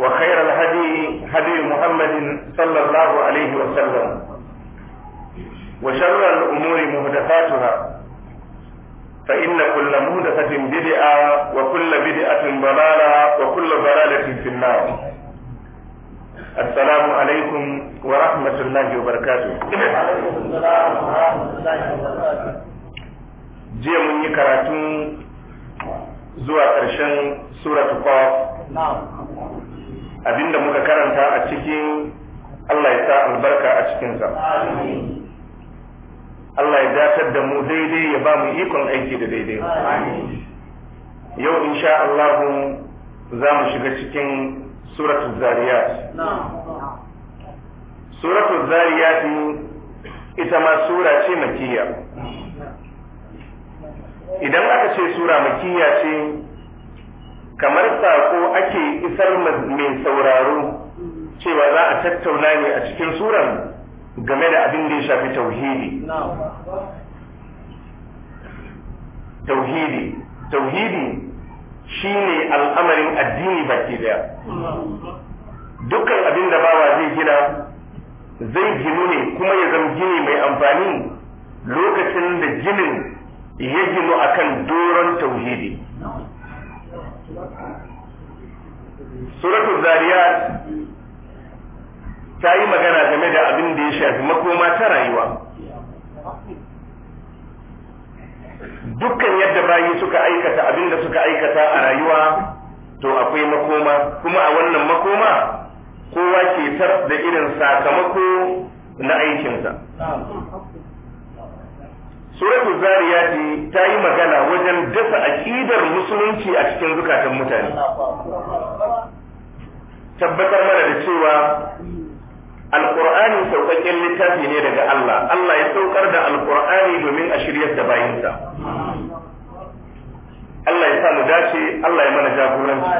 وخير الهدي هدي محمد صلى الله عليه وسلم وشر الأمور مهدفاتها فإن كل مهدفة بدعة وكل بدعة ضلالة وكل ضلالة في النار السلام عليكم ورحمة الله وبركاته jiya mun yi karatu zuwa ƙarshen suratu qaf abinda muka karanta a cikin Allah ya sa albarka a cikinsa. Allah ya datar da mu daidai ya ba mu ikon aiki da daidai. Yau insha Allah za mu shiga cikin suratul zariyat. Suratul zariyat ita ma sura ce makiyya. Idan aka ce sura makiyya ce kamar sako ake isar mai sauraro cewa za a tattauna ne a cikin suran game da abin da ya shafi tauhidi tauhidi tauhidi ne al'amarin addini baki daya dukkan abin da bawa zai gina zai ginu ne kuma ya zama gini mai amfani lokacin da ginin ya ginu akan doron tauhidi suratul zariyat ta yi magana game da abin da ya shafi makoma ta rayuwa dukkan yadda bayi suka aikata abin da suka aikata a rayuwa to akwai makoma kuma a wannan makoma kowa ke tar da irin sakamako na aikinsa suratul zariyati ta yi magana wajen dasa aqidar musulunci a cikin zukatan mutane tabbatar mana da cewa alqur'ani sauƙaƙƙen littafi ne daga Allah Allah ya saukar da alqur'ani domin a shiryar da bayinsa Allah ya sa mu dace Allah ya mana jagoranci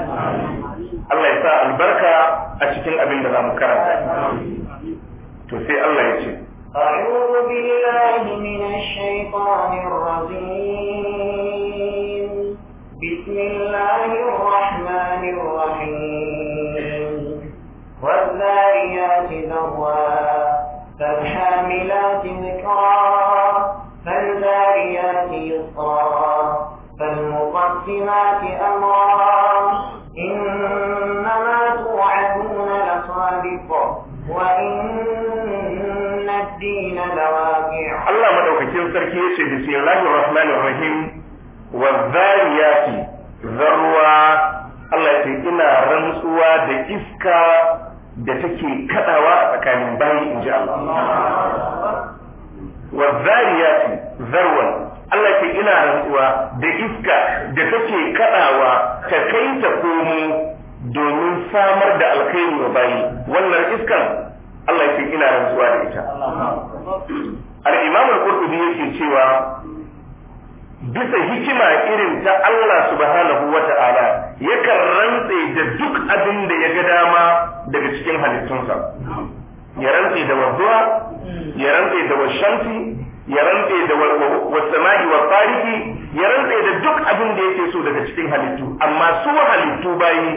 Allah ya sa albarka a cikin abin da za mu karanta to sai Allah ya ce أعوذ بالله من الشيطان الرجيم بسم الله الرحمن الرحيم والذاريات ذروا فالحاملات ذكرا فالجاريات يسرا فالمقسمات أمرا إنما توعدون لصادق وإن Allah madaukakin sarki ya ce bismillahir rahmanir rahim wa zariyati zarwa Allah ya ce ina rantsuwa da iska da take kadawa a tsakanin bayi in ji Allah wa zariyati zarwan Allah ce ina rantsuwa da iska da take kadawa ta kai ta komo domin samar da alkhairi wa bayi wannan iskan Allah ya ce ina rantsuwa da ita al-imam al-qurtubi yake cewa bisa hikima irin ta Allah subhanahu wa ta'ala yakan rantse da duk abin da ya ga dama daga cikin halittunsa ya rantse da wadduwa ya rantse da washanti ya rantse da wasama'i wa tariki ya rantse da duk abin da yake so daga cikin halittu amma su halittu bayi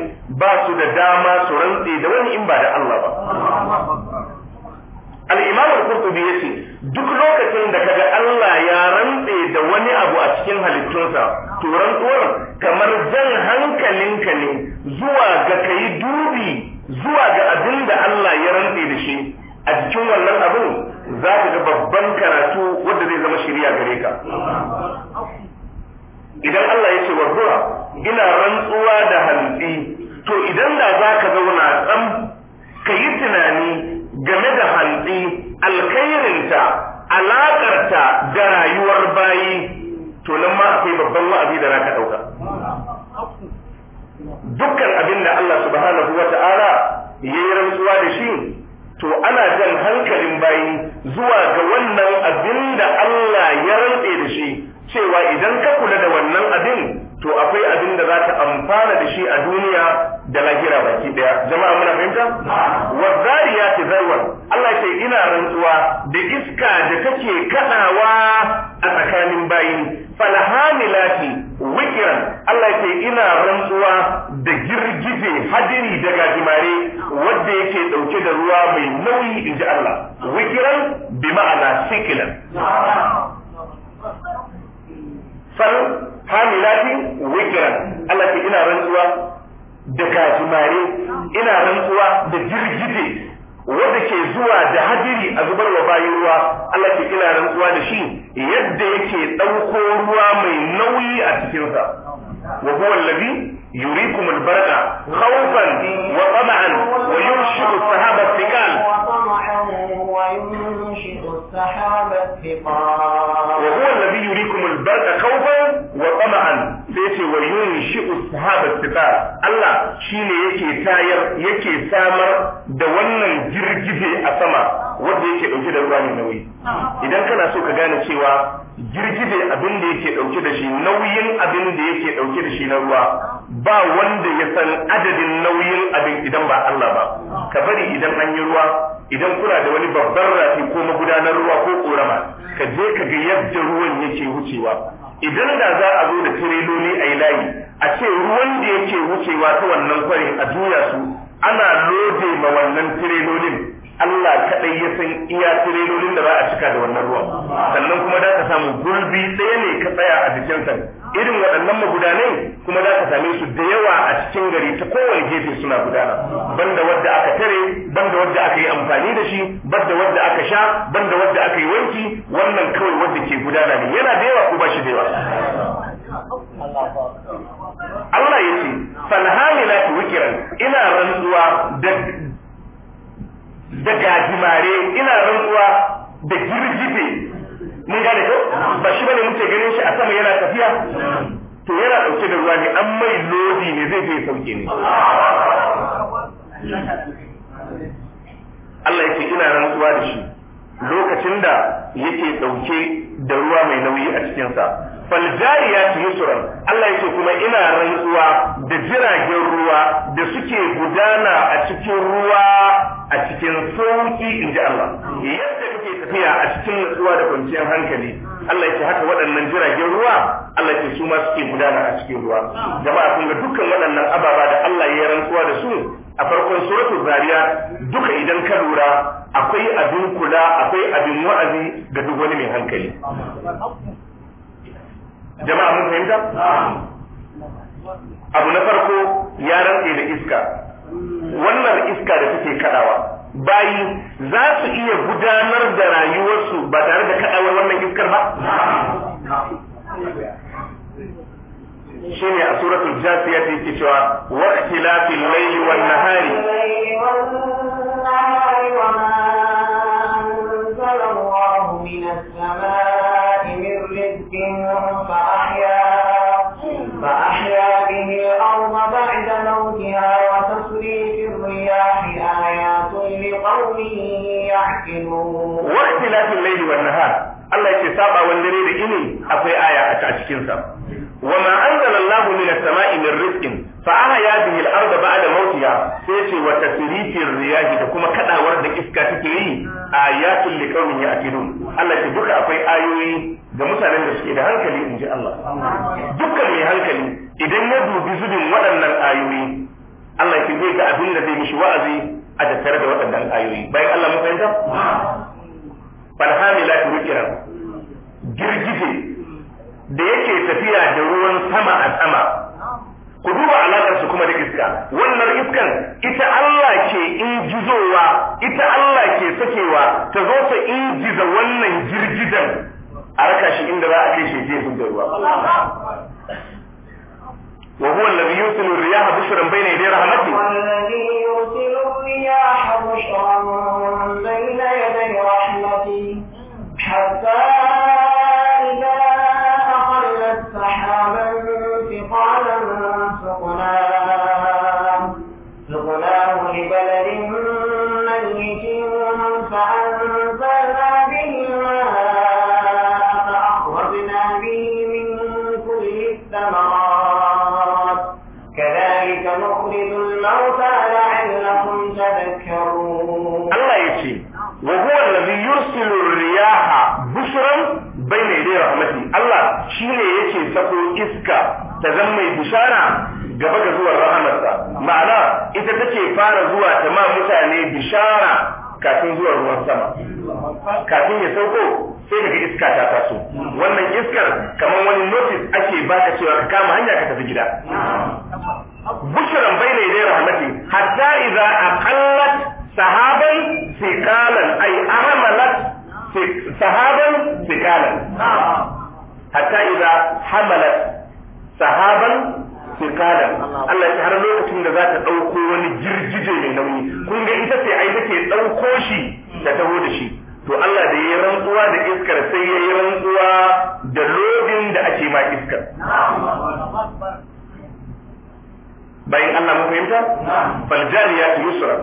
ba su da dama su rantse da wani in ba da Allah ba al-imam ya ce duk lokacin da kaga Allah ya rantse da wani abu a cikin halittunsa to rantsuwar kamar jan hankalinka ne zuwa ga kai dubi zuwa ga abin da Allah ya rantse da shi a cikin wannan abin za ka ga babban karatu wanda zai zama shirya gare ka idan Allah ya ce warhura ina rantsuwa da hantsi to idan da za ka zauna tsam ka yi tunani game da hantsi alkhairinta alaƙarta da rayuwar bayi to nan ma akwai babban wa'azi da raka ɗauka dukkan abin da Allah subhanahu wa iska da take kadawa a tsakanin bayi falhamilati wikiran Allah ya ce ina rantsuwa da girgije hadiri da jimare wanda yake dauke da ruwa mai nauyi inji Allah wikiran bi ma'ana sikilan fal hamilati wikiran Allah ya ce ina rantsuwa da kasumare ina rantsuwa da girgije wanda ke zuwa da hadiri a zubar wa bayan ruwa Allah ke ran rantsuwa da shi yadda yake dauko ruwa mai nauyi a cikin sa wa huwa alladhi yuriikum albaraka khawfan wa tama'an wa yunshiru sahaba thiqal wa yunshiru sahaba thiqal sai ce wa shi sahaba tiba Allah shine yake tayar yake samar da wannan girgije a sama wanda yake dauke da ruwa mai nauyi idan kana so ka gane cewa girgije abin da yake dauke da shi nauyin abin da yake dauke da shi na ruwa ba wanda ya san adadin nauyin abin idan ba Allah ba ka bari idan an yi ruwa idan kuna da wani babban rafi ko magudanar ruwa ko korama ka je ka ga yadda ruwan yake wucewa idan da za a zo da tireloli a yi layi a ce ruwan da yake wucewa ta wannan kwarin a juya su ana lode ma wannan tirelolin Allah kaɗai ya san iya tirelolin da za a cika da wannan ruwan sannan kuma za ka samu gurbi ɗaya ne ka tsaya a jikinsa irin waɗannan magudanai kuma za ka same su da yawa a cikin gari ta kowane gefe suna gudana banda wadda aka tare banda wadda aka yi amfani da shi banda wadda aka sha banda wadda aka yi wanki wannan kawai wadda ke gudana ne yana da yawa ko ba shi da yawa Allah ya ce falhamila wikiran ina rantsuwa da da gajimare ina rantsuwa da girgije mun gane ko ba shi bane muke ganin shi a sama yana tafiya to yana dauke da ruwa ne an mai lodi ne zai je sauke ne Allah yake ina rantsuwa da shi lokacin da yake dauke da ruwa mai nauyi a cikinsa fal jariyati yusra Allah yake kuma ina rantsuwa da jiragen ruwa da suke gudana a cikin ruwa a cikin sauki ji Allah yadda kake tafiya a cikin nutsuwa da kwanciyar hankali Allah ce haka waɗannan jiragen ruwa Allah yake su ma suke gudana a cikin ruwa jama'a kun ga dukkan waɗannan ababa da Allah ya rantsuwa da su a farkon suratul zariya duka idan ka lura akwai abin kula akwai abin wa'azi ga duk wani mai hankali jama'a mun fahimta abu na farko ya rantse da iska wannan iska da take kadawa bayi za su iya gudanar da rayuwarsu ba tare da kadawar wannan iskar ba shine a suratul jasiya ta yake cewa wa ikhtilafil layli wan nahari wa ma رزق فأحيا فأحيا به الأرض بعد Allah saba dare da ini akwai aya a cikinsa. wa ma anzala Allahu samai min fa ya bihi al-ardh ba'da mawtiha sai ce wa tasrifir riyah da kuma kaɗawar da iska take yi ayatul liqaumin ya'qilun Allah ce duka akwai ayoyi ga mutanen da suke da hankali in Allah dukkan mai hankali idan ya dubi zubin waɗannan ayoyi Allah ke zai ga abin da zai mishi wa'azi a tattare da waɗannan ayoyi girgije da yake tafiya da ruwan sama a sama ku duba alaƙar su kuma da iska wannan iskan ita Allah ke injizowa ita Allah ke sakewa ta zo ta injiza wannan girgizan a raka shi inda za a kai shi je da ruwa wa huwa alladhi yusilu riyaha bushran bayna yaday rahmatihi alladhi yusilu riyaha bushran bayna yaday shi ne yake sako iska ta zan mai bishara gaba ga zuwan rahamarsa ma'ana ita take fara zuwa ta ma mutane bishara kafin zuwan ruwan sama kafin ya sauko sai daga iska ta taso wannan iskar kamar wani notis ake baka cewa ka kama hanya ka tafi gida bushran bayna dai rahmatin hatta idza aqallat sahaban sikalan ay aramalat sahaban sikalan hatta idza hamalat sahaban sirkadan Allah ya har lokacin da za ta ɗauko wani girgije mai nauyi kun ga ita sai ai take dauko shi ta taho da shi to Allah da yayi rantsuwa da iskar sai yayi rantsuwa da lodin da ake ma iskar bayan Allah mu fahimta fal yusra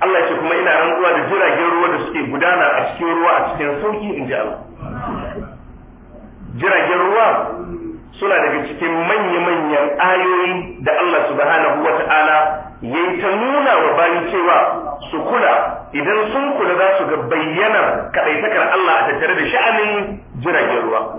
Allah ya ce kuma ina rantsuwa da jiragen ruwa da suke gudana a cikin ruwa a cikin sauki in ji Allah jiragen ruwa suna daga cikin manya-manyan ayoyi da Allah subhanahu wa ta'ala ya yi ta nuna wa bayan cewa su kula idan sun kula za su ga bayyanar kaɗaitakar Allah a tattare da sha'anin jiragen ruwa.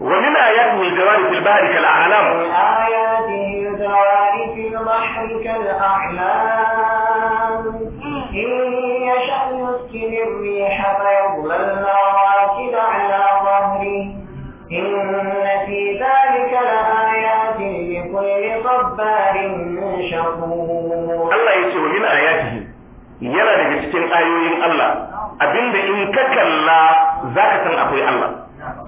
ومن آياته الجوار في البحر كالأعلام من آياته الجوار في البحر كالأعلام إن ya يسكن الريح فيضللن راكد yana daga cikin ayoyin Allah abinda in ka kalla zaka san akwai Allah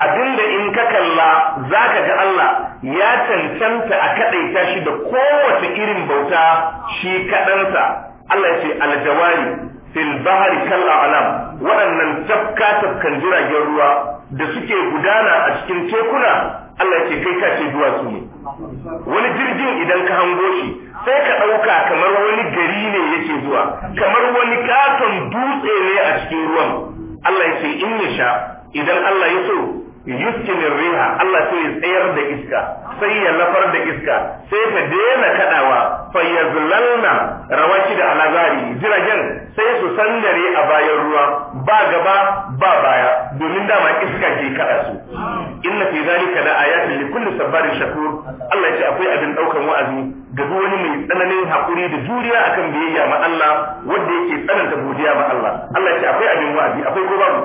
abinda in ka kalla zaka ga Allah ya cancanta a kadaita shi da kowace irin bauta shi kadansa Allah ya ce aljawari fil bahri kal a'lam waɗannan tafka tafkan jiragen ruwa da suke gudana a cikin tekuna Allah ya ce kai ka ce su ne wani jirgin idan ka hango shi sai ka ɗauka kamar wani gari ne yake zuwa kamar wani katon dutse ne a cikin ruwan Allah ya ce in ya sha idan Allah ya so Yuskin riha Allah sai ya tsayar da iska sai ya lafar da iska sai ta daina kadawa fa yazlalna rawaki da alazari jiragen sai su sandare a bayan ruwa ba gaba ba baya domin dama iska ke kada su inna fi zalika la ayatin li kulli sabarin shakur Allah ya ce akwai abin daukan wa'azi ga wani mai tsananin hakuri da juriya akan biyayya ma Allah wanda yake tsananta godiya ma Allah Allah ya ce akwai abin wa'azi akwai ko babu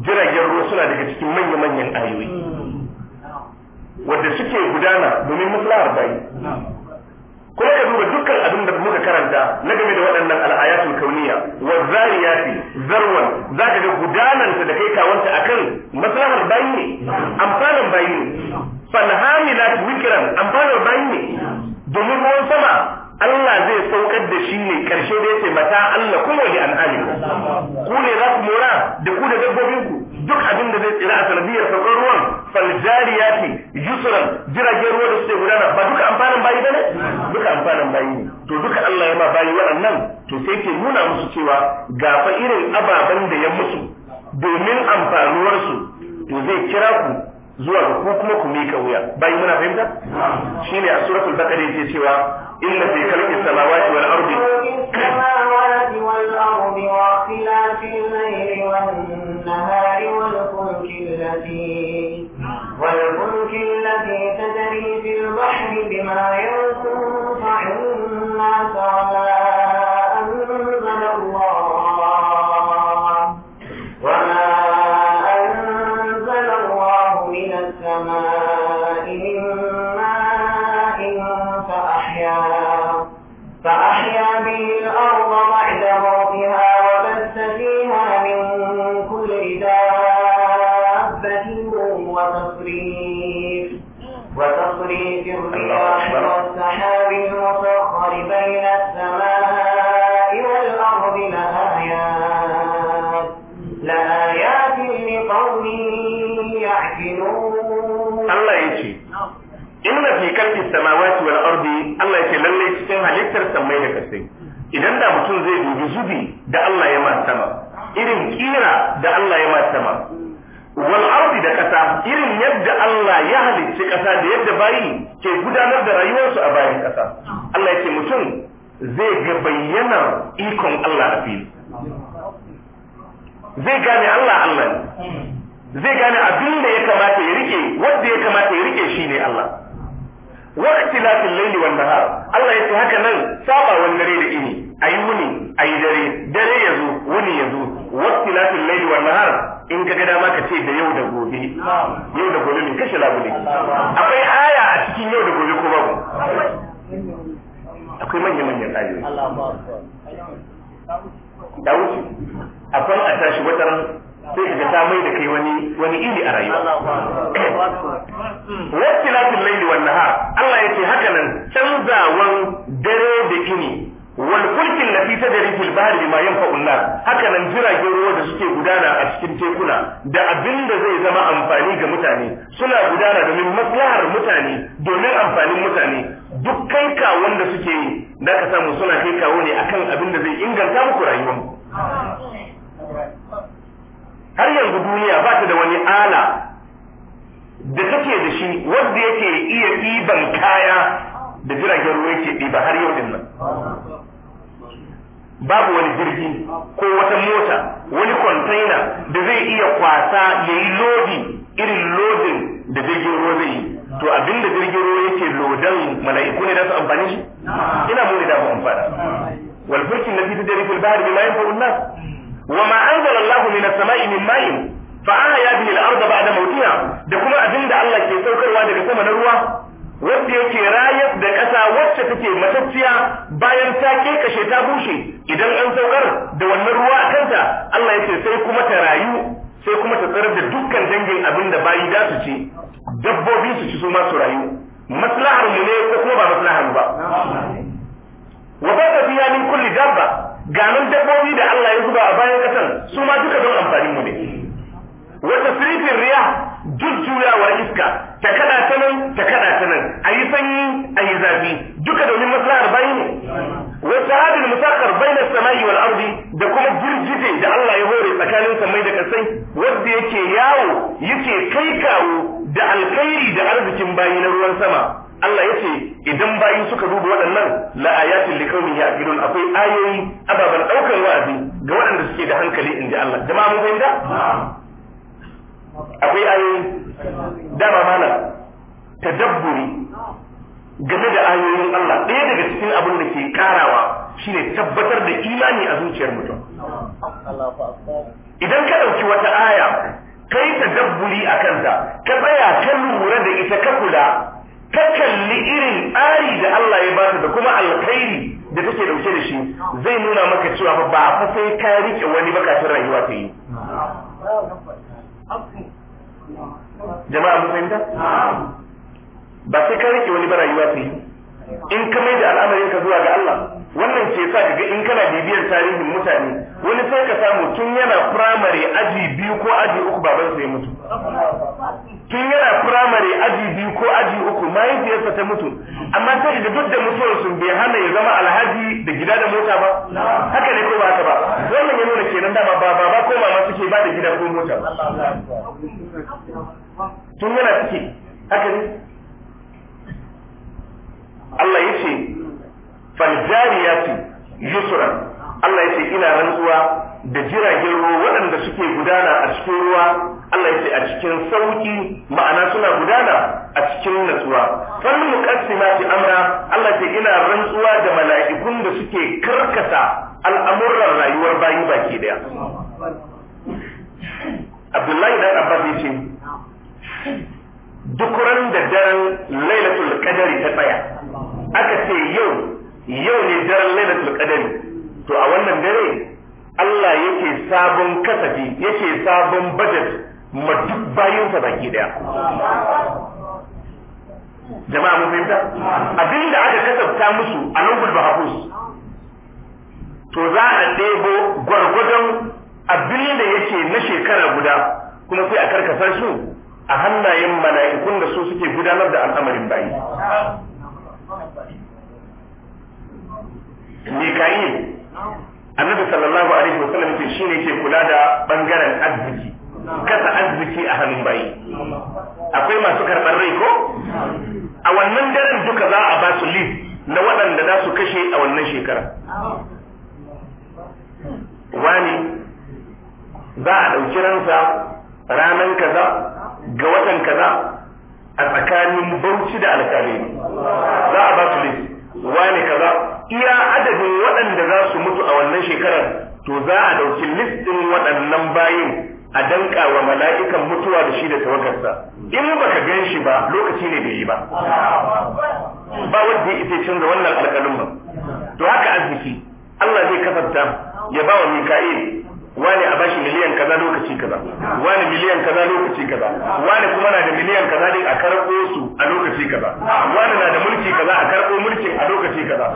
jiragen ruwa suna daga cikin manya-manyan ayoyi wadda suke gudana domin maslahar bayi kuma ka duba dukkan abin da muka karanta na game da waɗannan al'ayatul kauniya wa zariyati zarwan zaka ga gudananta da kai kawanta akan maslahar bayi ne amfanin bayi ne fanhamila wikiran amfanin bayi ne domin ruwan sama shine karshe da yake mata Allah kuma li an ku ne za ku mora da ku da dabbobin ku duk abin da zai tsira a sanadiyar sauran ruwan ce. Yusra jiragen ruwa da suke gudana ba duka amfanin bayi bane duka amfanin bayi ne to duka Allah ya ma bayi waɗannan to sai ke nuna musu cewa ga irin ababen da ya musu domin amfanuwarsu to zai kira ku zuwa ga ku kuma ku mika wuya bai muna fahimta shine a suratul baqara yake cewa illa fi khalqi samawati wal ardi واختلاف الليل والفلك التي تجري في البحر بما ينفع الناس وما inna fi khalqi samawati wal ardi Allah yake lalle cikin halittar samai da kasai idan da mutum zai dubi zubi da Allah ya ma sama irin kira da Allah ya ma sama wal ardi da kasa irin yadda Allah ya halicci kasa da yadda bayi ke gudanar da rayuwarsu a bayan kasa Allah yake mutum zai ga bayyanar ikon Allah a fili zai gane Allah Allah zai gane abin da ya kamata ya rike wanda ya kamata ya rike shine Allah wa ikhtilafil laili wan nahar Allah yace haka nan saba wan dare da ini ayi muni, ayi dare dare yazo wani yazo wa ikhtilafil laili wan nahar in ka gada maka ka ce da yau da gobe yau da gobe ne kashe labule akwai aya a cikin yau da gobe ko babu akwai manyan manyan ayoyi da wuce akwai a tashi ran sai ka ga ta mai da kai wani wani iri a rayuwa wasu lafin laili wan nahar Allah ya ce haka nan canzawan dare da ini wal fulkin lati tadri fil bahr bima yanfa'u an haka nan jiragen ruwa da suke gudana a cikin tekuna da abin da zai zama amfani ga mutane suna gudana domin maslahar mutane domin amfanin mutane dukkan kawon da suke yi da ka samu suna kai kawo ne akan abin da zai inganta muku rayuwar har yanzu duniya ba ta da wani ala da take da shi wanda yake iya ɗiban kaya da jiragen ruwa yake ɗiba har yau din nan babu wani jirgi ko wata mota wani container da zai iya kwasa ya yi lodi irin lodin da jirgin ruwa zai yi to abin da jirgin ruwa yake lodan mala'iku ne da su amfani shi ina mu ne da mu amfana wal fulkin ladhi tadri fil bahri bima yanfa'u an-nas وما أنزل الله من السماء من ماء فأحيا به الأرض بعد موتها da kuma abinda da Allah ke saukarwa daga sama na ruwa wanda yake rayar da ƙasa wacce take matacciya bayan ta kekashe ta bushe idan an saukar da wannan ruwa a kanta Allah ya ce sai kuma ta rayu sai kuma ta tsarar da dukkan dangin abinda da bayi da su ci dabbobi su ci su ma su rayu maslahar mu ne ko kuma ba maslahar ba wa ba ta fiya min kulli dabba ganin dabbobi da Allah ya zuba a bayan kasar su ma duka don amfanin mu ne wata sirifin riya jujjuyawa iska ta kada ta nan ta kada ta nan a yi sanyi a yi zafi duka domin maslahar bayi ne wata hadin musakar baina sama'i wal ardi da kuma girgije da Allah ya hore tsakanin samai da kasai wanda yake yawo yake kai kawo da alkhairi da arzikin bayi na ruwan sama Allah ya ce idan bayi suka duba waɗannan la ayatin li ya ya'qilun akwai ayoyi ababan daukar wa'azi ga waɗanda suke da hankali inji Allah jama'a mun fahimta akwai ayoyi dama mana tadabburi game da ayoyin Allah ɗaya daga cikin abin da ke karawa shine tabbatar da imani a zuciyar mutum idan ka ɗauki wata aya kai tadabburi a kanta ka tsaya ka lura da ita ka kula ta kalli irin ari da Allah ya bata da kuma alkhairi da take dauke da shi zai nuna maka cewa ba ba fa sai ka rike wani bakatun rayuwa ta yi jama'a mun fahimta ba sai ka rike wani ba rayuwa ta yi in ka mai da al'amarin ka zuwa ga Allah wannan ke sa kaga in kana bibiyar tarihin mutane wani sai ka samu tun yana firamare aji biyu ko aji uku baban sa ya mutu tun yana firamare aji biyu ko aji uku mahaifiyarsa ta mutu amma sai da duk da mutuwar sun bai hana ya zama alhaji da gida da mota ba haka ne ko ba haka ba wannan ya nuna kenan dama ba baba ko mama suke ba da gida ko mota ba tun yana suke haka ne Allah ya ce faljariyati yusra Allah ya ce ina rantsuwa da jiragen ruwa waɗanda suke gudana a cikin ruwa Allah ya ce a cikin sauki ma'ana suna gudana a cikin natsuwa fal fi amra Allah ya ce ina rantsuwa da mala'ikun da suke karkata al'amuran rayuwar bayi baki daya Abdullahi dan Abbas ya ce duk ran da daren lailatul qadari ta tsaya aka ce yau yau ne daren lailatul qadari to a wannan dare Allah yake sabon kasafi yake sabon budget ma duk bayansa baki daya jama'a mun fahimta abinda aka kasafta musu a lungul bahafus to za a ɗebo gwargwadon abinda yake na shekara guda kuma sai a karkasar su a hannayen mala'ikun da su suke gudanar da al'amarin bayi Mika'il annabi sallallahu alaihi wasallam ce shine ke kula da bangaren arziki kasa arziki a hannun bayi akwai masu karɓar rai ko a wannan daren duka za a ba su list na waɗanda za su kashe a wannan shekara wani za a ɗauki ransa ranan kaza ga watan kaza a tsakanin bauchi da alkali za a ba su list wani kaza iya adadin waɗanda za su mutu a wannan shekarar to za a ɗauki listin waɗannan bayin a danka wa mala'ikan mutuwa da shi da tawakarsa in baka gan shi ba lokaci ne bai yi ba ba wanda ya isa canza wannan alƙalin ba to haka arziki Allah zai kasanta ya ba wa Mika'il wani a bashi miliyan kaza lokaci kaza wani miliyan kaza lokaci kaza wani kuma na da miliyan kaza ne a karɓo su a lokaci kaza wani na da mulki kaza a karɓo mulkin a lokaci kaza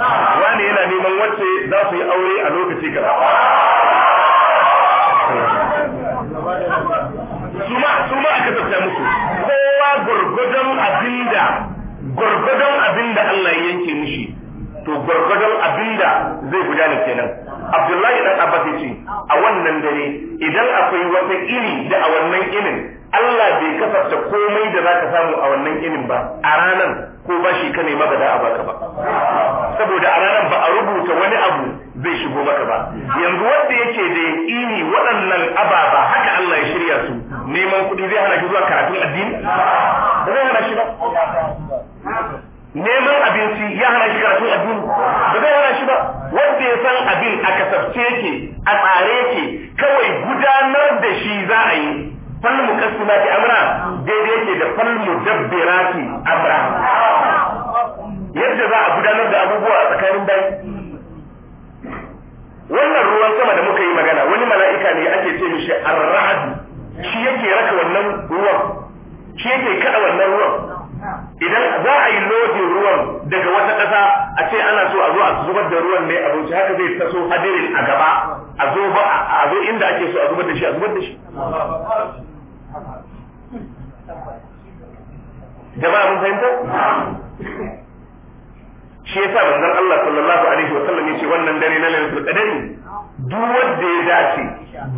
wani yana neman wacce za su yi aure a lokaci kaza suma suma aka tafiya musu kowa gurgudan abinda gurgudan abinda Allah ya yanke mishi to gurgudan abinda zai gudana kenan Abdullahi dan Abbas ce a wannan dare idan akwai wata iri da a wannan irin Allah bai kasafta komai da zaka samu a wannan irin ba a ranan ko ba shi kane maka da a baka ba saboda a ranan ba a rubuta wani abu zai shigo maka ba yanzu wanda yake da ini waɗannan ababa haka Allah ya shirya su neman kuɗi zai hana shi zuwa karatun addini ba zai hana shi ba neman abinci ya hana shi karatun addini ba zai hana shi ba wanda ya san abin a kasafce ke a tsare ke kawai gudanar da shi za a yi fal muqassimati amra daidai ke da dabbera ke amra yadda za a gudanar da abubuwa a tsakanin bai wannan ruwan sama da muka yi magana wani mala'ika ne ake ce mishi ar shi yake raka wannan ruwan shi yake kada wannan ruwan idan za daga wata ƙasa a ce ana so a zo a zubar da ruwan ne a bauchi haka zai taso hadirin a gaba a zo ba a zo inda ake so a zubar da shi a zubar da shi jama'a mun fahimta shi yasa manzon Allah sallallahu alaihi wa sallam yace wannan dare na lailatul qadari duk wanda ya dace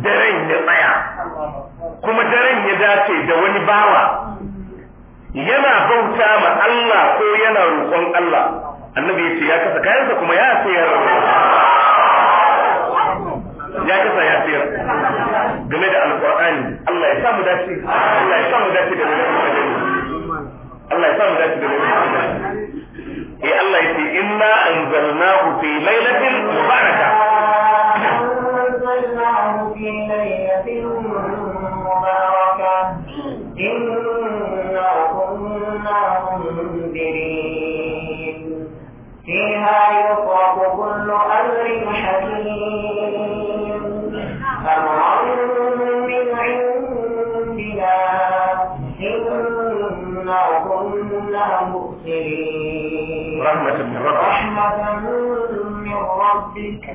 daren ya tsaya kuma daren ya dace da wani bawa yana bauta ma Allah ko yana roƙon Allah annabi ya ce ya kasa kayansa kuma ya sayar ya kasa ya sayar game da Alƙur'ani, Allah ya samu dace Allah ya samu dace da Allah ya samu dace da eh Allah ya ce inna anzalnahu fi lailatin mubarakah مجرمين فيها يفرق كل أمر حكيم أمرا من عندنا إنا كنا رحمة من ربك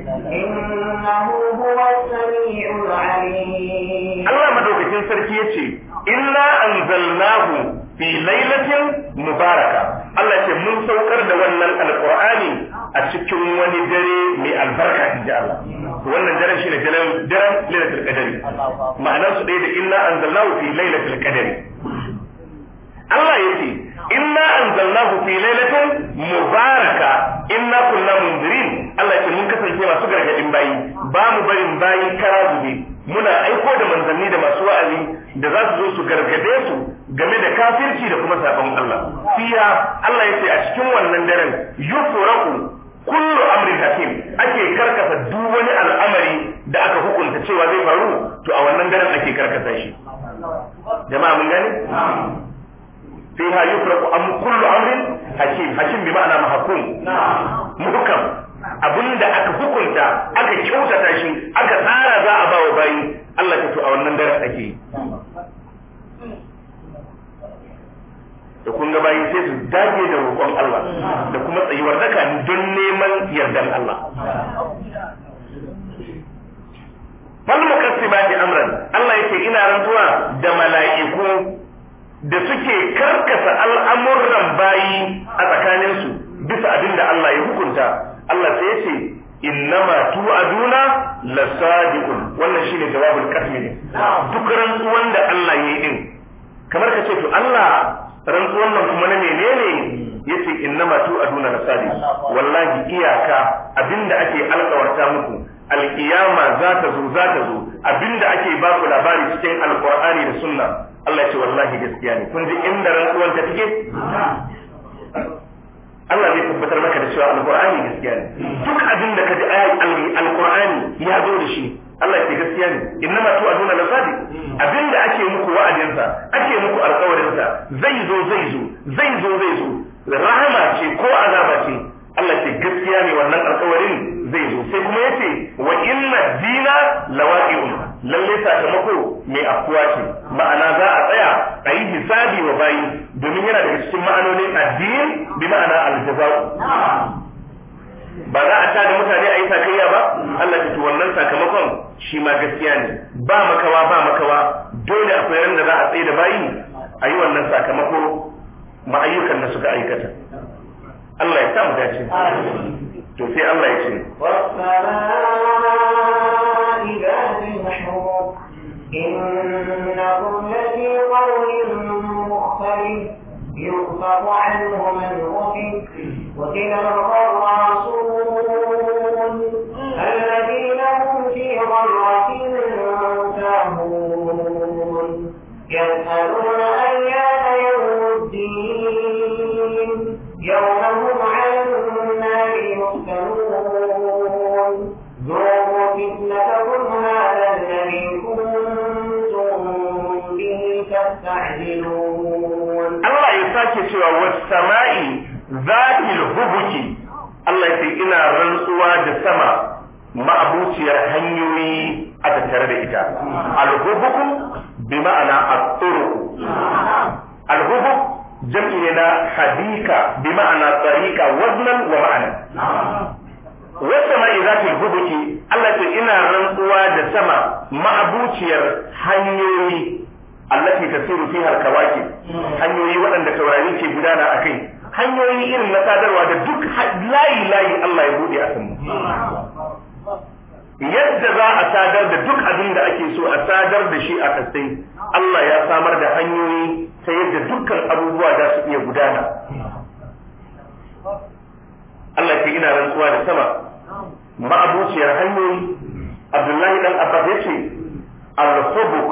Allah madaukakin sarki ya ce, Inna anzalnahu fi lailatin mubaraka. Allah ce mun saukar da wannan alkur'ani a cikin wani dare mai albarka ji Allah wannan daren shi daren daren lailatul qadari ma'anar su ɗaya da inna anzalnahu fi lailatul qadari Allah yace inna anzalnahu fi lailatin mubaraka inna kunna munzirin Allah ce mun kasance masu gargadin bayi ba mu barin bayi kara zube muna aiko da manzanni da masu wa'azi da za su zo su gargade su game da kafirci da kuma sabon Allah fiya Allah ya ce a cikin wannan daren yusuraku kullu amrin hakim ake karkasa duk wani al'amari da aka hukunta cewa zai faru to a wannan daren ake karkasa shi jama'a mun gane fiha yusuraku am kullu amrin hakim hakim bi ma'ana mahkum muhkam abinda aka hukunta aka kyautata shi aka tsara za a ba wa bayi Allah ta to a wannan daren ake yi da kun ga bayi sai su dage da roƙon Allah da kuma tsayuwar daka don neman yardan Allah ba da amran Allah yake ina rantsuwa da mala'iku da suke karkasa al'amuran bayi a tsakanin su bisa abinda Allah ya hukunta Allah sai yace aduna la lasadiqun wannan shine jawabul qasmi duk rantsuwan da Allah ya yi din kamar ka ce to Allah rantsuwan nan kuma na menene ya yace innama tu aduna nasadi wallahi iyaka abinda ake alkawarta muku alkiyama za ta zo za ta zo abinda ake ba ku labari cikin alkur'ani da sunna Allah ya ce wallahi gaskiya ne kun ji inda rantsuwan ta take Allah zai tabbatar maka da cewa alkur'ani gaskiya ne duk abinda ka ji ayat alkur'ani ya zo da shi Allah ke gaskiya ne inna ma tu'aduna la sadiq abinda ake muku wa'adinsa ake muku alƙawarinsa zai zo zai zo zai zo zai zo rahama ce ko azaba ce Allah ke gaskiya ne wannan alƙawarin zai zo sai kuma yace wa inna dina lawaqi'un lalle sakamako mai afkuwa ce ma'ana za a tsaya a yi hisabi wa bayi domin yana daga cikin ma'anonin addini bi ma'ana aljaza'u ba za a ta da mutane a yi sakayya ba Allah ta wannan sakamakon shi ma gaskiya ne ba makawa ba makawa dole akwai ran da za a tsaye da bayi a yi wannan sakamako ma'ayyukan da suka aikata Allah ya sa mu dace to sai Allah ya ce إنكم لفي قول مختلف يغفر عنه من غفر وقيل من الرسول الذين هم في غمرة cewa wasama'i zatil hubuki Allah ya ina rantsuwa da sama ma'abuciyar hanyoyi a tattare da ita alhubuku bi ma'ana at-turuq alhubuk jam'i ne na hadika bi ma'ana tsarika wannan wa ma'ana wasu sama'i za zatil hubuki Allah ya ina rantsuwa da sama ma'abuciyar hanyoyi allati tasiru fiha al-kawakib hanyoyi waɗanda taurari ke gudana a kai hanyoyi irin na sadarwa da duk layi layi Allah ya buɗe a kanmu yadda za a sadar da duk abin da ake so a sadar da shi a kasai Allah ya samar da hanyoyi ta yadda dukkan abubuwa za su iya gudana Allah ke ina rantsuwa da sama ma'abuciyar hanyoyi Abdullahi dan Abbas yace al-hubuq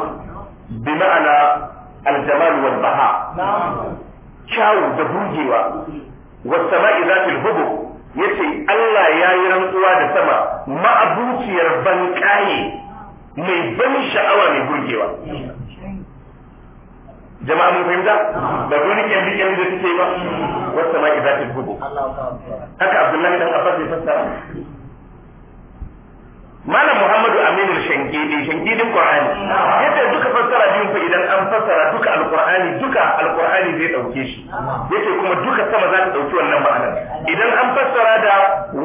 bi ma'ana aljamal wal kyawu da burgewa was sama'i zatil hubu yace Allah ya yi rantsuwa da sama ma'abuciyar banƙaye mai ban sha'awa mai burgewa jama'a mun fahimta ba dole ke bi da suke ba wasu sama'i zatil hubu haka Abdullahi dan Malam Muhammadu Aminu Shangidi, Shangidin Qur'ani. Yadda duka fassara biyu fa idan an fassara duka Alqur'ani, duka Alqur'ani zai ɗauke shi. Yace kuma duka sama za ta dauki wannan ma'anar. Idan an fassara da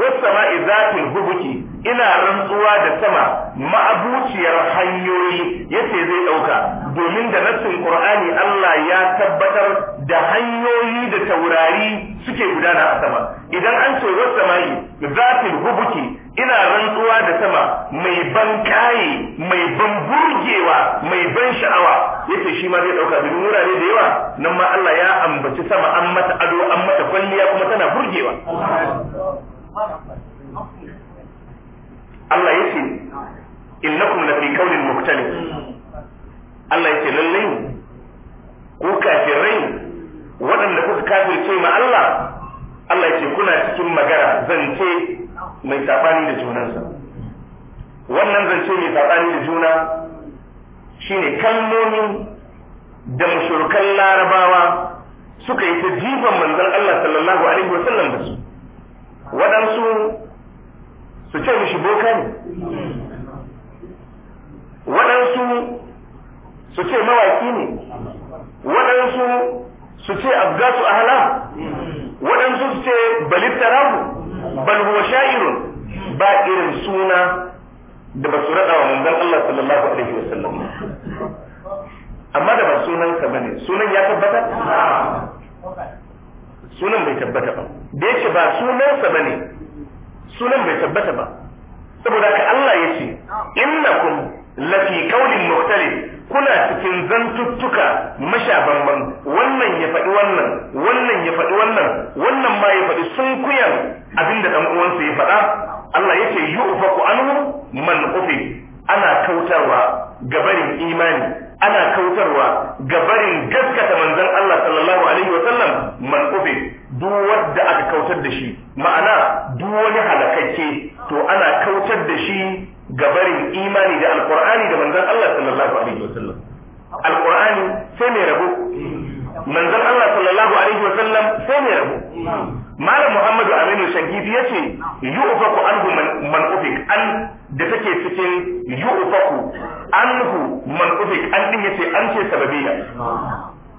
wasu samai zatil hubuki, ina rantsuwa da sama ma'abuciyar hanyoyi yace zai ɗauka. domin da nassin ƙur'ani Allah ya tabbatar da hanyoyi da taurari suke gudana a sama. Idan an ce wasu samai zatil hubuki ina rantsuwa da sama mai ban kaye mai ban burgewa mai ban sha'awa yace shi ma zai dauka bin wurare da yawa nan ma Allah ya ambaci sama an mata ado an mata kwalliya kuma tana burgewa Allah yace innakum fi qawlin muktali. Allah yace lalle ku kafirai waɗanda kuka kafirce ma Allah Allah yace kuna cikin magana zance mai sabani da junansa wannan zance mai sabani da juna shine kalmomi da mashurukan larabawa suka yi ta jifan manzon Allah sallallahu alaihi wasallam da su waɗansu su ce mishi boka ne waɗansu su ce mawaki ne waɗansu su ce a hana, waɗansu su ce balittarahu bal huwa sha'irun ba irin suna da ba su rada wa manzon Allah sallallahu alaihi wasallam amma da ba sunan ka bane sunan ya tabbata sunan bai tabbata ba da yake ba sunan sa bane sunan bai tabbata ba saboda ka Allah ya ce innakum lafi qawlin mukhtalif kuna cikin zantuttuka mashabanban wannan ya faɗi wannan wannan ya faɗi wannan wannan ma ya faɗi sun kuyan Abin abinda dan uwansa ya faɗa Allah yake yufaku anhu man ufi ana kautarwa gabarin imani ana kautarwa gabarin gaskata manzon Allah sallallahu alaihi wa sallam man ufi duk wanda aka kautar da shi ma'ana duk wani halakakke to ana kautar da shi gabarin imani da alqur'ani da manzon Allah sallallahu alaihi wa sallam alqur'ani sai mai rabo manzon Allah sallallahu alaihi wa sallam sai mai rabo malam muhammadu aminu shagifi ya ce yu'faku anhu man an da take cikin yu'faku anhu man an din yace an ce sababiya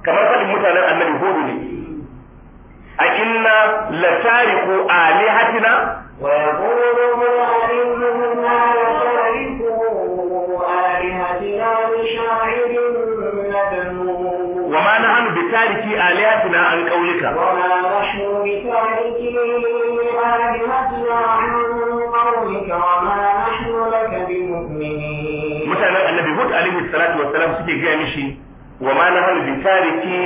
kamar fadin mutanen annabi hudu ne a inna la tariku alihatina wa yaqulu tariki alihatina an qaulika wa ma nahnu bi tariki alihatina an qaulika wa ma nahnu laka bi mu'minin mutanen annabi hud alaihi salatu wassalam suke gaya mishi wa ma nahnu bi tariki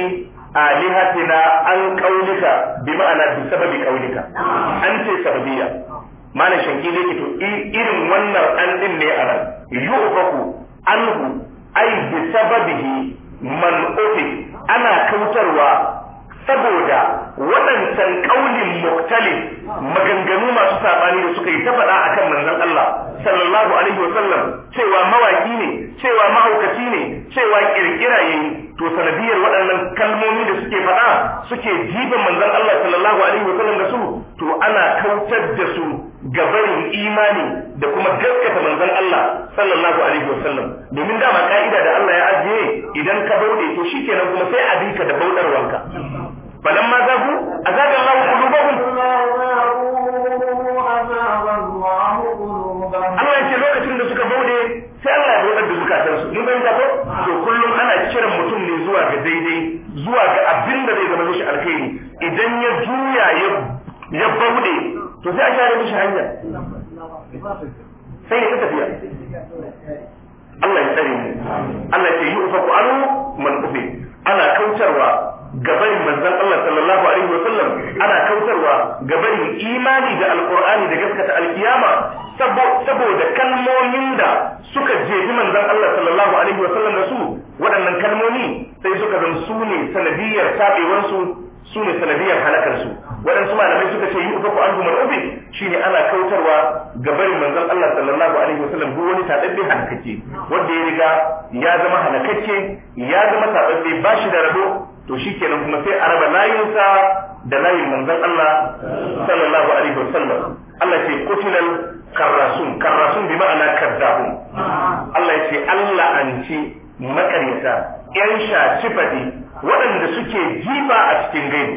alihatina an qaulika bi ma'ana bi an ce shanki ne to irin wannan an din ne a ran yu'faku anhu ay bi sababihi man ufi ana kautarwa saboda waɗancan ƙaunin muktalin maganganu masu saɓani da suka yi ta faɗa akan manzon Allah sallallahu alaihi wasallam cewa mawaki ne cewa mahaukaci ne cewa kirkira yayi to sanadiyar waɗannan kalmomi da suke faɗa suke jiban manzon Allah sallallahu alaihi wasallam da su to ana kautar da su ga barin imani da kuma gaskata manzon Allah sallallahu alaihi wasallam domin dama ka'ida da Allah ya ajiye idan ka bauɗe to shikenan kuma sai a bika da baudarwanka falamma zagu azaga Allah qulubahum Allah ya ce lokacin da suka bauɗe sai Allah ya bauɗar da zukatansu mun bayyana ko to kullum ana kiran mutum ne zuwa ga daidai zuwa ga abin da zai zama mishi alkhairi idan ya sai ya tafiya Allah ya tsare mu Allah ya yi ufaku anu man ufi ana kautarwa gabarin manzon Allah sallallahu alaihi wasallam ana kautarwa gabarin imani da alqur'ani da gaskata alkiyama saboda kalmomin da suka jefi manzon Allah sallallahu alaihi wasallam da su waɗannan kalmomi sai suka zama su ne sanadiyar tabewansu su ne sanadiyar halakar su su malamai suka ce yi uku an gumar ubi shine ana kautarwa ga barin manzon Allah sallallahu alaihi wasallam duk wani tababbe halakakke wanda ya riga ya zama halakakke ya zama tababbe ba shi da rabo to shikenan kuma sai araba raba layinsa da layin manzon Allah sallallahu alaihi wasallam Allah ce kutilal karrasun karrasun bi ma'ana kazzabun Allah ya ce Allah an ci makaryata yan shaci faɗi waɗanda suke jifa a cikin gani,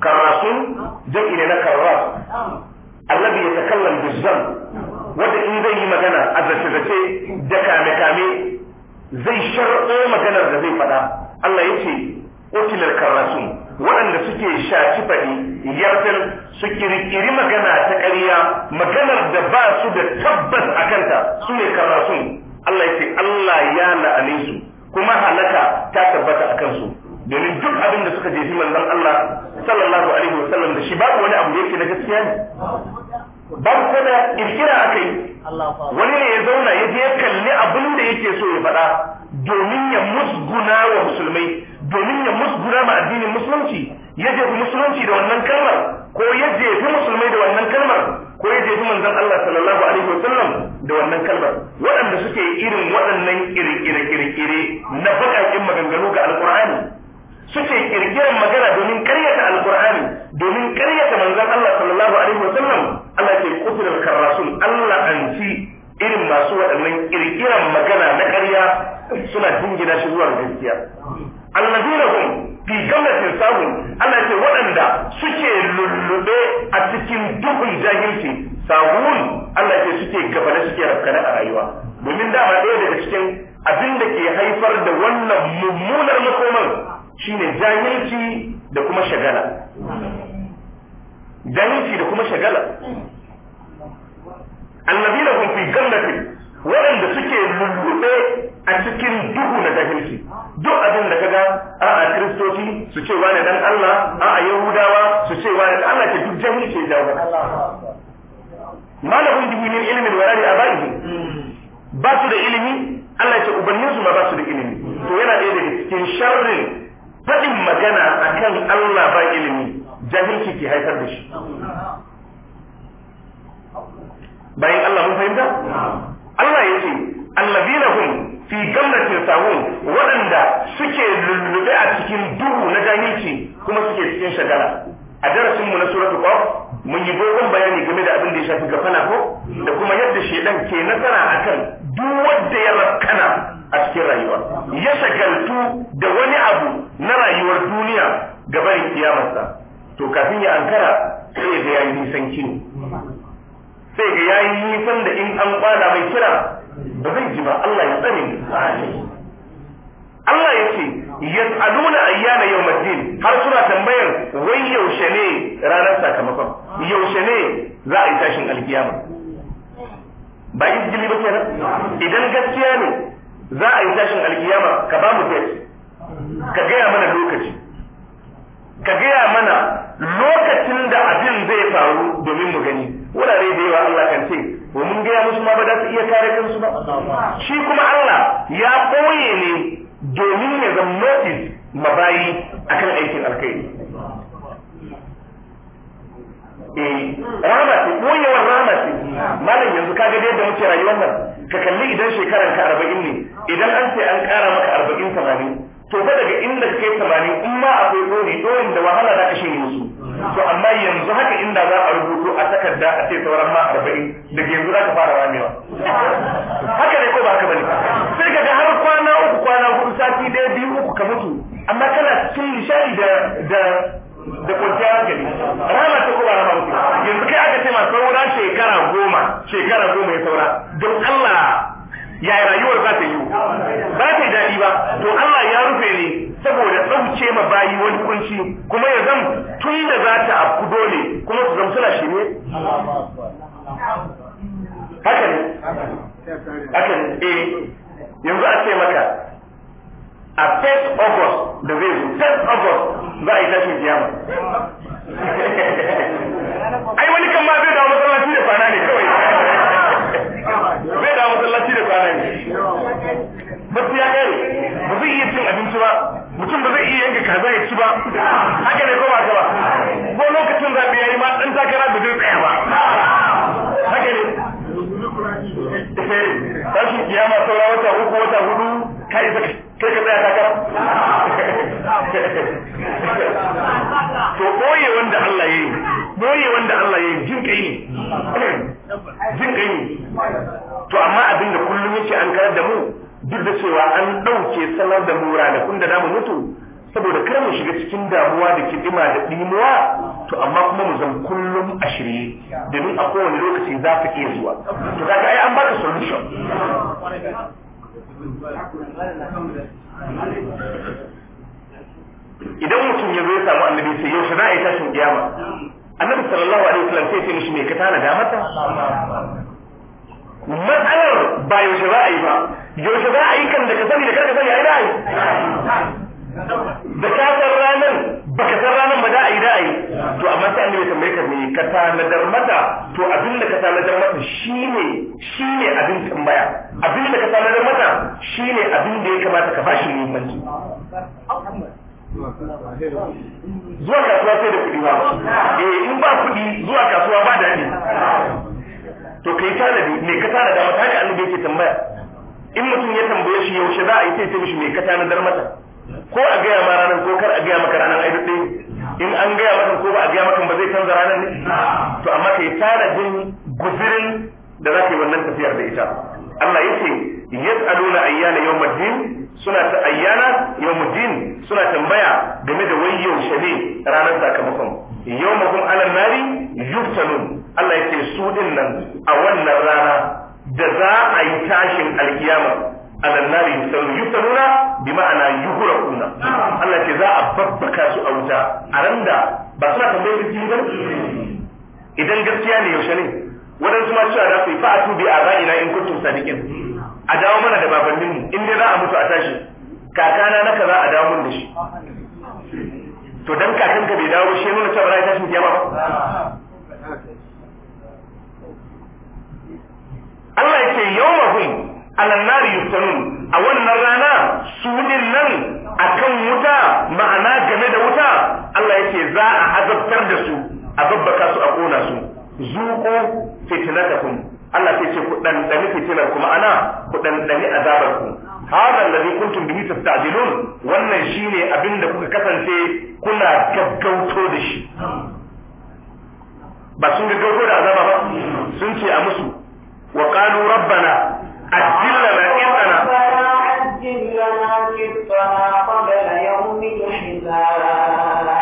karasun jam'i ne na karras annabi ya takallam bizzan wanda in zai yi magana a zace-zace da kame-kame zai sharɗo maganar da zai faɗa Allah ya ce ƙutilar karasun waɗanda suke shaci faɗi yartar, su kirkiri magana ta ƙarya maganar da ba su da tabbas a kanta su ne karasun. Allah ya ce Allah ya la'ane su kuma halaka ta tabbata a kansu domin duk abin da suka jefi manzon Allah sallallahu alaihi wa sallam da shi babu wani abu da yake na gaskiya ne babu ko da iskira akai wani ne ya zauna ya je ya kalli abin da yake so ya faɗa domin ya musguna wa musulmai domin ya musguna ma addinin musulunci ya jefi musulunci da wannan kalmar ko ya jefi musulmai da wannan kalmar ko ya jefi manzon Allah sallallahu alaihi wasallam da wannan kalmar waɗanda suke irin waɗannan kirkire-kirkire na bakakin maganganu ga alƙur'ani suke kirkiran magana domin karyata alƙur'ani domin karyata manzon Allah sallallahu alaihi wasallam Allah ke kufur karrasul Allah an ci irin masu waɗannan kirkiran magana na ƙarya suna dingina shi zuwa gaskiya alladina hum fi gamnatin sabun Allah ce waɗanda suke lullube a cikin duhun jahilci sabun Allah ce suke gabana suke rafkana a rayuwa domin ba ɗaya daga cikin abin da ke haifar da wannan mummunar makoman shine jahilci da kuma shagala jahilci da kuma shagala alladina hum fi gamnatin waɗanda suke lullube a cikin duhu na jahilci duk abin da kaga a a kristoci su ce wani dan Allah a a yahudawa su ce wani dan Allah ke duk jahilci ya jawo malamin dubu ne ilimin wara a bayi ba su da ilimi Allah ce ubannin su ma ba su da ilimi to yana ɗaya daga cikin sharrin faɗin magana akan Allah ba ilimi jahilci ke haifar da shi bayan Allah mun fahimta Allah ya ce allazina hum fi gamnatin sahun waɗanda suke lullube a cikin duhu na jahilci kuma suke cikin shagala a darasin mu na suratul qaf mun yi dogon bayani game da abin da ya shafi gafana ko da kuma yadda shedan ke nasara akan duk wanda ya rakkana a cikin rayuwa ya shagaltu da wani abu na rayuwar duniya gaban kiyamarsa to kafin ya ankara sai ya ga yayi nisan sai ga yayi nisan da in an kwana mai kira ba zai ji ba Allah ya tsare ni Allah ya ce yas'aluna ayyana yawmiddin har suna tambayar wai yaushe ne ranar sakamakon yaushe ne za a yi tashin alkiyama ba izgili ba kenan idan gaskiya ne za a yi tashin alkiyama ka ba mu ka gaya mana lokaci ka gaya mana lokacin da abin zai faru domin mu gani wurare da yawa Allah kan ce ba mun gaya musu ma ba za su iya kare kansu ba shi kuma Allah ya koye ne domin ya zama motif mabayi akan aikin alkhairi eh rama koye wa rama malam yanzu ka ga yadda muke rayuwar nan ka kalli idan shekarar ka arba'in ne idan an ce an kara maka arba'in 80 to ba daga inda kai 80 in ma akwai dori dorin da wahala za ka musu to amma yanzu haka inda za a rubuto a takarda a ce sauran ma arba'in daga yanzu za ka fara ramewa haka ne ko ba haka bane sai ka ga har kwana uku kwana hudu sati ɗaya biyu uku ka mutu amma kana cikin nishadi da da da kwanciyar hankali rama ta kuma rama mutu yanzu kai aka ce ma saura shekara goma shekara goma ya saura don Allah ya rayuwar za ta yi ba ta yi daɗi ba to Allah ya rufe ne saboda ɗauce ma bayi wani kunci kuma ya zan tun da za ta abu dole kuma su zan suna shirye haka ne haka ne eh yanzu a ce maka a 1st August da zai zo 1st August za a yi tashin kiyama ai wani kan ma zai dawo masallaci da fana ne kawai wasu ya kare ba zai iya cin abinci ba mutum ba zai iya yanke kaza ya ci ba haka ne ko ba ba ko lokacin zaɓe ya yi ma ɗan takara ba zai tsaya ba haka ne eh, tashin kiyama saura wata uku wata hudu kai ka tsaya takara duk da cewa an ɗauke sanar da mu ranakun da namu mutu saboda kar mu shiga cikin damuwa da kidima da ɗimuwa to amma kuma mu zan kullum a shirye domin a kowane lokaci za ka iya zuwa to kaga ai an ba ka solution idan mutum ya zo ya samu annabi sai yau shi ya tashin kiyama annabi sallallahu alaihi wasallam sai ya ce mishi me ka tana da mata matsalar ba yaushe za a yi ba yaushe za a yi kan da ka sani da kar ka sani a yi da da ka san ranar ka san ranar ba za a yi da a yi to amma sai annabi tambaye ka me ka tanadar mata to abin da ka tanadar mata shine shine abin tambaya abin da ka tanadar mata shine abin da ya kamata ka bashi muhimmanci zuwa kasuwa sai da kuɗi ba eh in ba kuɗi zuwa kasuwa ba daɗi to kai tanadi me ka tanada mata ne annabi yake tambaya in mutum ya tambaye shi yaushe za a yi sai ce mishi me ka tanadar mata ko a gaya ma ranar ko kar a gaya maka ranar ai duk in an gaya maka ko ba a gaya maka ba zai canza ranar ne to amma kai tanadin guzirin da za ka yi wannan tafiyar da ita Allah ya ce yas'aluna ayyana yawmuddin suna ta ayyana yawmuddin suna tambaya game da wai yaushe ranar sakamakon yawmakum ala nari yuftanun Allah ya ce su din nan a wannan rana da za a yi tashin alkiyama alal nari yusaruna bi ma'ana yuhraquna Allah ce za a babbaka su a wuta a da ba suna tambayar gaskiya ba idan gaskiya ne yaushe ne wadansu ma cewa da su yi fa'atu bi abaina in kuntum sadiqin a dawo mana da mu in dai za a mutu a tashi kakana na kaza a dawo mun da shi to dan kakan ka bai dawo shi ne na cewa ba za tashi kiyama ba Allah ya ce yawmahum alan nari yuftanun a wannan rana su nan a kan wuta ma'ana game da wuta Allah ya ce za a azabtar da su a babbaka su a ƙona su zuqu fitnatakum Allah ce ku ɗanɗani fitilar kuma ana ku ɗanɗani azabar ku hada allazi kuntum bihi tajilun wannan shine abin da kuka kasance kuna gaggauto da shi ba sun gaggauto da azaba ba sun ce a musu وقالوا ربنا عجل لنا قطنا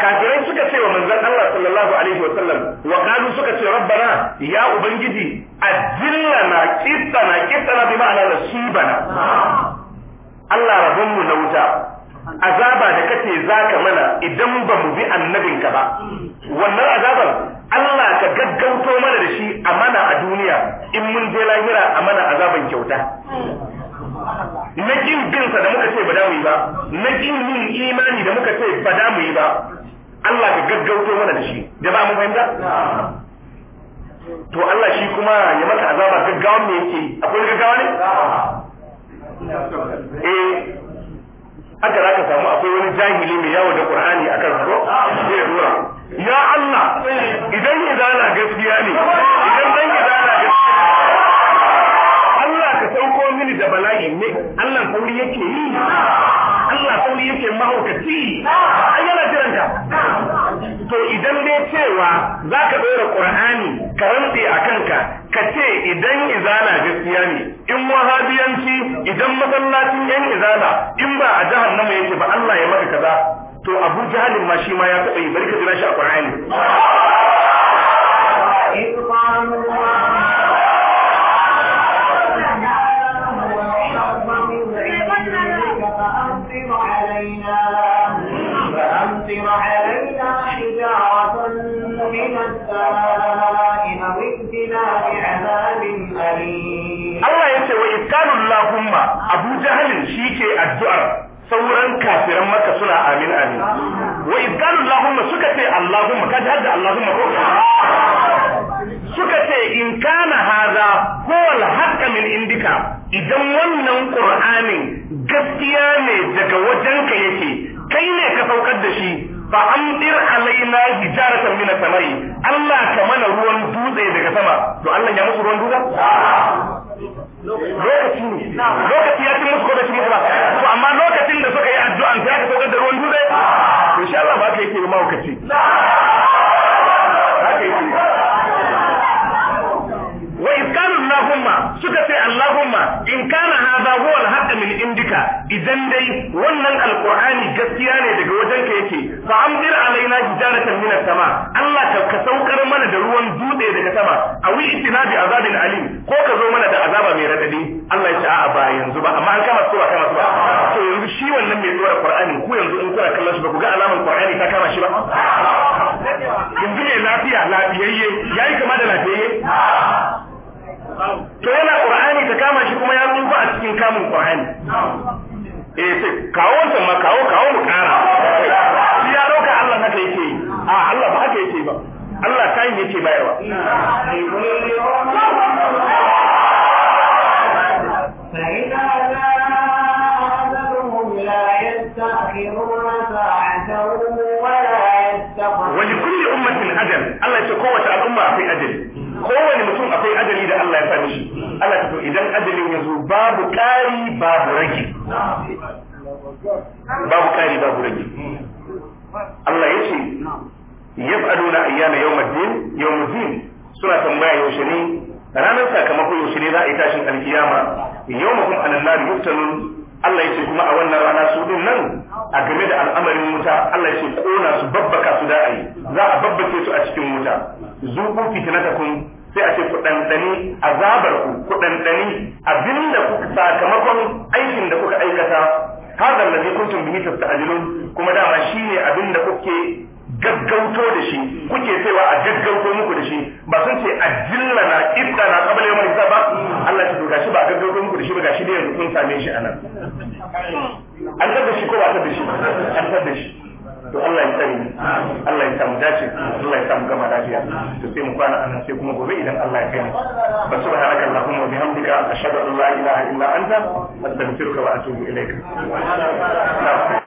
kafirai suka ce wa manzon Allah sallallahu alaihi wa sallam wa suka ce rabbana ya ubangiji ajillana qitana qitana bi ma'ana Allah rabon mu na wuta azaba da kace zaka mana idan ba mu bi annabinka ba wannan azabar ka gaggauto mana da shi a mana a duniya in mun je lahira a mana azaban kyauta na kin binsa da muka ce ba da mu yi ba na kin yin imani da muka ce ba da mu yi ba Allah ka gaggauto mana da shi da ba mu fahimta to Allah shi kuma ya maka azaba gaggawa me yake akwai gaggawa ne eh aka za ka samu akwai wani jahili mai yawo da Qur'ani akan haro sai ya dora ya Allah idan izala gaskiya ne idan dan izala gaskiya Allah ka sauko mini da bala'i ne Allah sauri yake yi Allah sauri yake mahaukaci ai yana jiran ka to idan dai cewa za ka ɗora ƙur'ani ka rantse a kanka ka ce idan izala gaskiya ne in wahabiyanci idan masallacin yan izala in ba a jihar nama yake ba Allah ya maka kaza to abu jahalin ma shi ma ya taɓa yi bari ka jira shi a ƙwarani Allah ya ce wa ikalun lahumma Abu Jahalin shi ke addu'ar sauran kafiran maka suna amin amin wa izkalu allahumma suka ce allahumma kaji hadda allahumma ko suka ce in kana hadha huwa al min indika idan wannan qur'anin gaskiya ne daga wajenka yake kai ne ka saukar da shi fa amdir alaina hijaratan min samai Allah ka mana ruwan dutse daga sama to Allah ya musu ruwan dutse lokaci ne lokaci ya ci musu ko da shi ba to amma lokaci insha Allah ba ka yake ba mahaukaci idan dai wannan Alƙur'ani gaskiya ne daga wajen ka yake fa amdir alaina hijaratan min sama Allah ka ka saukar mana da ruwan dutse daga sama A itina bi azabin alim ko ka zo mana da azaba mai radadi Allah ya ce a ba yanzu ba amma an kama su ba kama su ba to yanzu shi wannan mai tsora qur'ani ku yanzu in kuna kallon shi ba ku ga alamar qur'ani ta kama shi ba yanzu ne lafiya lafiyayye yayi kama da lafiyayye to yana qur'ani ka kama shi kuma ya tsufa a cikin kamun ƙur'ani. E, eh, sai kawo wancan ma kawo kawo mu kara shi ya ɗauka Allah haka yake yi a Allah ba haka yake ba Allah ta yi yake bayarwa ولكل أمة Allah ya يقول قوة الأمة في أجل kowane mutum akwai ajali da Allah ya sa mishi Allah ta idan ajalin ya zo babu kari babu rage babu kari babu rage Allah ya ce yaf'aluna ayyana yawmiddin yawmiddin suna tambaya yaushe ne ranar sakamako yaushe ne za a yi tashin alkiyama yawmakum anan nar yuftanun Allah ya ce kuma a wannan rana su din nan a game da al'amarin wuta Allah ce kona su babbaka su da ayi za a babbake su a cikin wuta ta kun. sai a ce ku dandani azabar ku ku dandani abinda ku sakamakon aikin da kuka aikata hadal ladhi kuntum bihi tasta'jilun kuma dama shine abinda kuke gaggauto da shi kuke cewa a gaggauto muku da shi ba sun ce a na idda na kabale mai isa ba Allah ya gashi ba a gaggauto muku da shi ba gashi da yanzu kun same shi anan an tabbashi shi ko ba da shi an da shi to Allah ya tsare Allah ya samu dace Allah ya samu gama lafiya to sai mu kwana anan sai kuma gobe idan Allah ya kai ba subhanaka allahumma wa bihamdika ashhadu an la ilaha illa anta astaghfiruka wa atubu ilaika.